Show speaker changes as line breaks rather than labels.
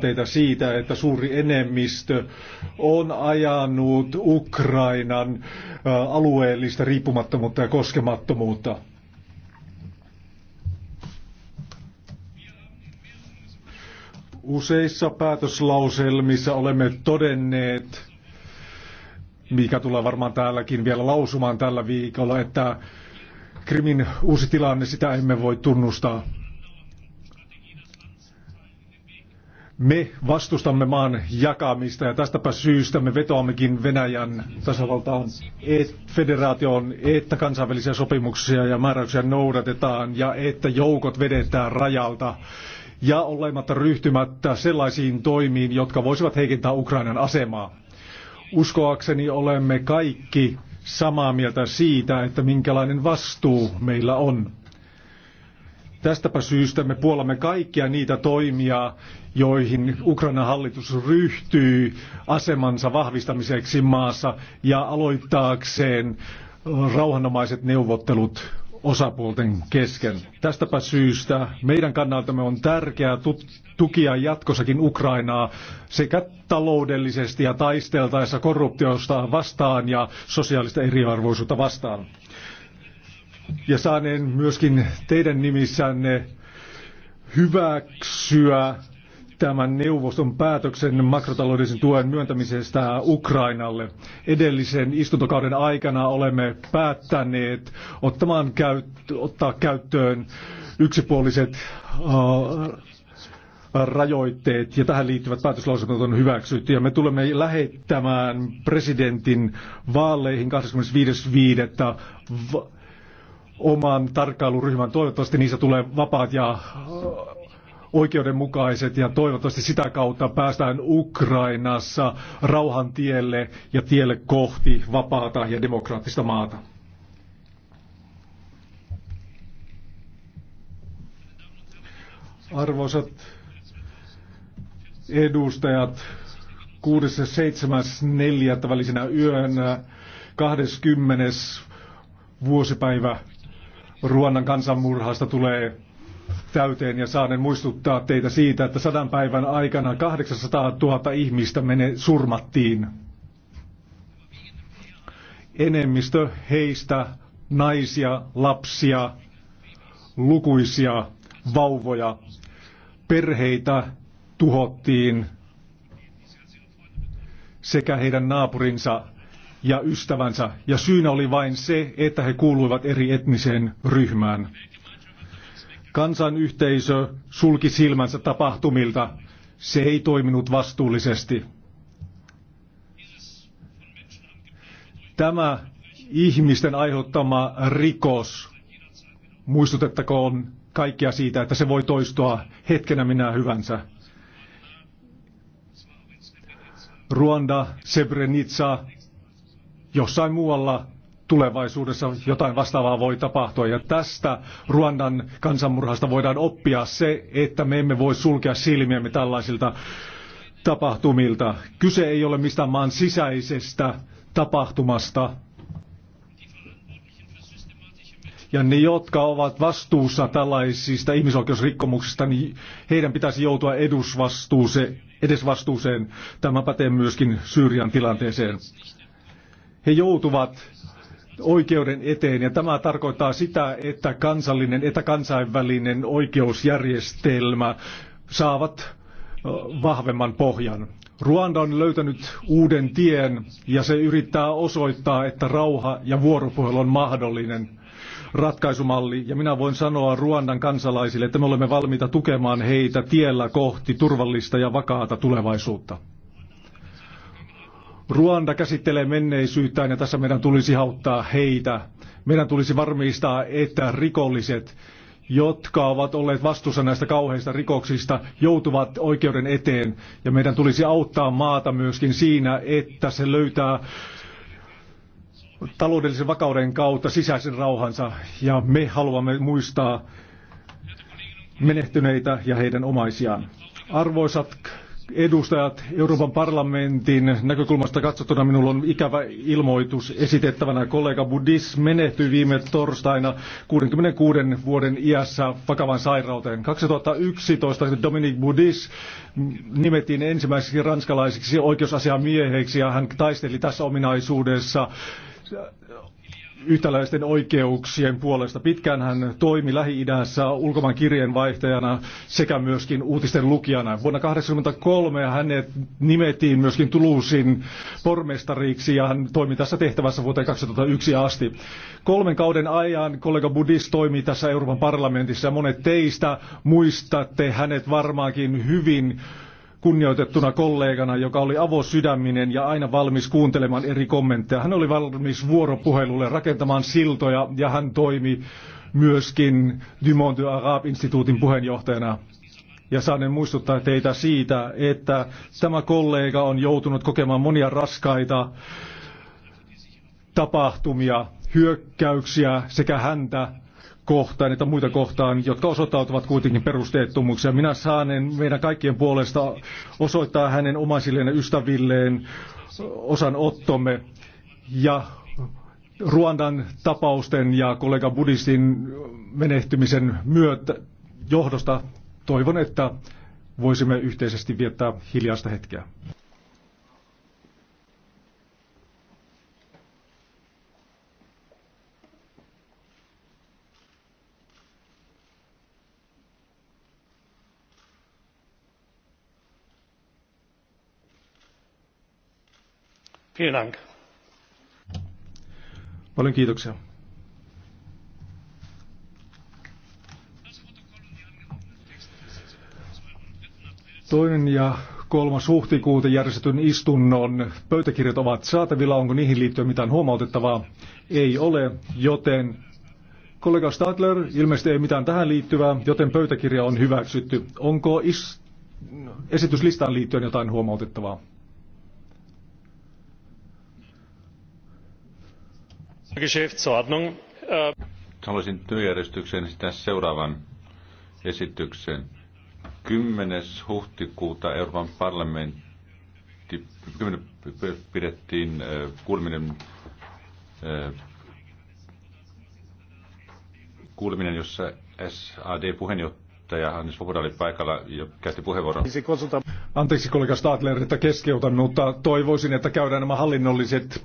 teitä siitä, että suuri enemmistö on ajanut Ukrainan äh, alueellista riippumattomuutta ja koskemattomuutta. Useissa päätöslauselmissa olemme todenneet, mikä tulee varmaan täälläkin vielä lausumaan tällä viikolla, että Krimin uusi tilanne, sitä emme voi tunnustaa. Me vastustamme maan jakamista ja tästäpä syystä me vetoammekin Venäjän tasavaltaan et, federaation, että kansainvälisiä sopimuksia ja määräyksiä noudatetaan ja että joukot vedetään rajalta ja olematta ryhtymättä sellaisiin toimiin, jotka voisivat heikentää Ukrainan asemaa. Uskoakseni olemme kaikki samaa mieltä siitä, että minkälainen vastuu meillä on. Tästäpä syystä me puolamme kaikkia niitä toimia, joihin Ukrainan hallitus ryhtyy asemansa vahvistamiseksi maassa ja aloittaakseen rauhanomaiset neuvottelut osapuolten kesken. Tästäpä syystä meidän kannaltamme on tärkeää tukia jatkossakin Ukrainaa sekä taloudellisesti ja taisteltaessa korruptiosta vastaan ja sosiaalista eriarvoisuutta vastaan ja saaneen myöskin teidän nimissänne hyväksyä tämän neuvoston päätöksen makrotaloudellisen tuen myöntämisestä Ukrainalle. Edellisen istuntokauden aikana olemme päättäneet ottamaan käyt, ottaa käyttöön yksipuoliset uh, rajoitteet ja tähän liittyvät päätöslauselmat on hyväksytty ja me tulemme lähettämään presidentin vaaleihin 25.5 oman tarkkailuryhmän. Toivottavasti niissä tulee vapaat ja äh, oikeudenmukaiset ja toivottavasti sitä kautta päästään Ukrainassa rauhan tielle ja tielle kohti vapaata ja demokraattista maata. Arvoisat edustajat, 6.7.4. välisenä yönä 20. vuosipäivä Ruannan kansanmurhasta tulee täyteen ja saanen muistuttaa teitä siitä, että sadan päivän aikana 800 000 ihmistä mene surmattiin. Enemmistö heistä naisia, lapsia, lukuisia vauvoja, perheitä tuhottiin sekä heidän naapurinsa ja ystävänsä, ja syynä oli vain se, että he kuuluivat eri etniseen ryhmään. Kansan yhteisö sulki silmänsä tapahtumilta. Se ei toiminut vastuullisesti. Tämä ihmisten aiheuttama rikos, muistutettakoon kaikkia siitä, että se voi toistua hetkenä minä hyvänsä. Ruanda, Srebrenica, jossain muualla tulevaisuudessa jotain vastaavaa voi tapahtua. Ja tästä Ruandan kansanmurhasta voidaan oppia se, että me emme voi sulkea silmiämme tällaisilta tapahtumilta. Kyse ei ole mistään maan sisäisestä tapahtumasta. Ja ne, jotka ovat vastuussa tällaisista ihmisoikeusrikkomuksista, niin heidän pitäisi joutua edusvastuuseen, edesvastuuseen. Tämä pätee myöskin Syyrian tilanteeseen. He joutuvat oikeuden eteen ja tämä tarkoittaa sitä, että kansallinen, että kansainvälinen oikeusjärjestelmä saavat vahvemman pohjan. Ruanda on löytänyt uuden tien ja se yrittää osoittaa, että rauha ja vuoropuhelu on mahdollinen ratkaisumalli. Ja minä voin sanoa Ruandan kansalaisille, että me olemme valmiita tukemaan heitä tiellä kohti turvallista ja vakaata tulevaisuutta. Ruanda käsittelee menneisyyttään ja tässä meidän tulisi auttaa heitä. Meidän tulisi varmistaa, että rikolliset, jotka ovat olleet vastuussa näistä kauheista rikoksista, joutuvat oikeuden eteen. Ja meidän tulisi auttaa maata myöskin siinä, että se löytää taloudellisen vakauden kautta sisäisen rauhansa. Ja me haluamme muistaa menehtyneitä ja heidän omaisiaan. Arvoisat edustajat Euroopan parlamentin näkökulmasta katsottuna minulla on ikävä ilmoitus esitettävänä. Kollega Budis menehtyi viime torstaina 66 vuoden iässä vakavan sairauteen. 2011 Dominique Budis nimettiin ensimmäiseksi ranskalaiseksi oikeusasiamieheksi ja hän taisteli tässä ominaisuudessa yhtäläisten oikeuksien puolesta. Pitkään hän toimi Lähi-idässä ulkomaan kirjeenvaihtajana sekä myöskin uutisten lukijana. Vuonna 1983 hänet nimettiin myöskin Tuluusin pormestariksi ja hän toimi tässä tehtävässä vuoteen 2001 asti. Kolmen kauden ajan kollega Budis toimi tässä Euroopan parlamentissa ja monet teistä muistatte hänet varmaankin hyvin kunnioitettuna kollegana, joka oli avosydäminen ja aina valmis kuuntelemaan eri kommentteja. Hän oli valmis vuoropuhelulle rakentamaan siltoja ja hän toimi myöskin Dumont de Arab-instituutin puheenjohtajana. Ja saanen muistuttaa teitä siitä, että tämä kollega on joutunut kokemaan monia raskaita tapahtumia, hyökkäyksiä sekä häntä kohtaan että muita kohtaan, jotka osoittautuvat kuitenkin perusteettomuuksia. Minä saan meidän kaikkien puolesta osoittaa hänen omaisilleen ja ystävilleen osan ottomme ja Ruandan tapausten ja kollega Budistin menehtymisen myötä johdosta toivon, että voisimme yhteisesti viettää hiljaista hetkeä. Vielen Paljon kiitoksia. Toinen ja kolmas huhtikuuta järjestetyn istunnon pöytäkirjat ovat saatavilla. Onko niihin liittyen mitään huomautettavaa? Ei ole, joten kollega Stadler, ilmeisesti ei mitään tähän liittyvää, joten pöytäkirja on hyväksytty. Onko is- esityslistaan liittyen jotain huomautettavaa? Geschäftsordnung. Äh, Haluaisin työjärjestykseen esittää seuraavan esityksen. 10. huhtikuuta Euroopan parlamentti pidettiin äh, kuuleminen, äh, kuuleminen jossa SAD-puheenjohtaja edustaja Hannes Vopoda oli paikalla ja käytti puheenvuoron. Anteeksi kollega Stadler, että keskeytän, mutta toivoisin, että käydään nämä hallinnolliset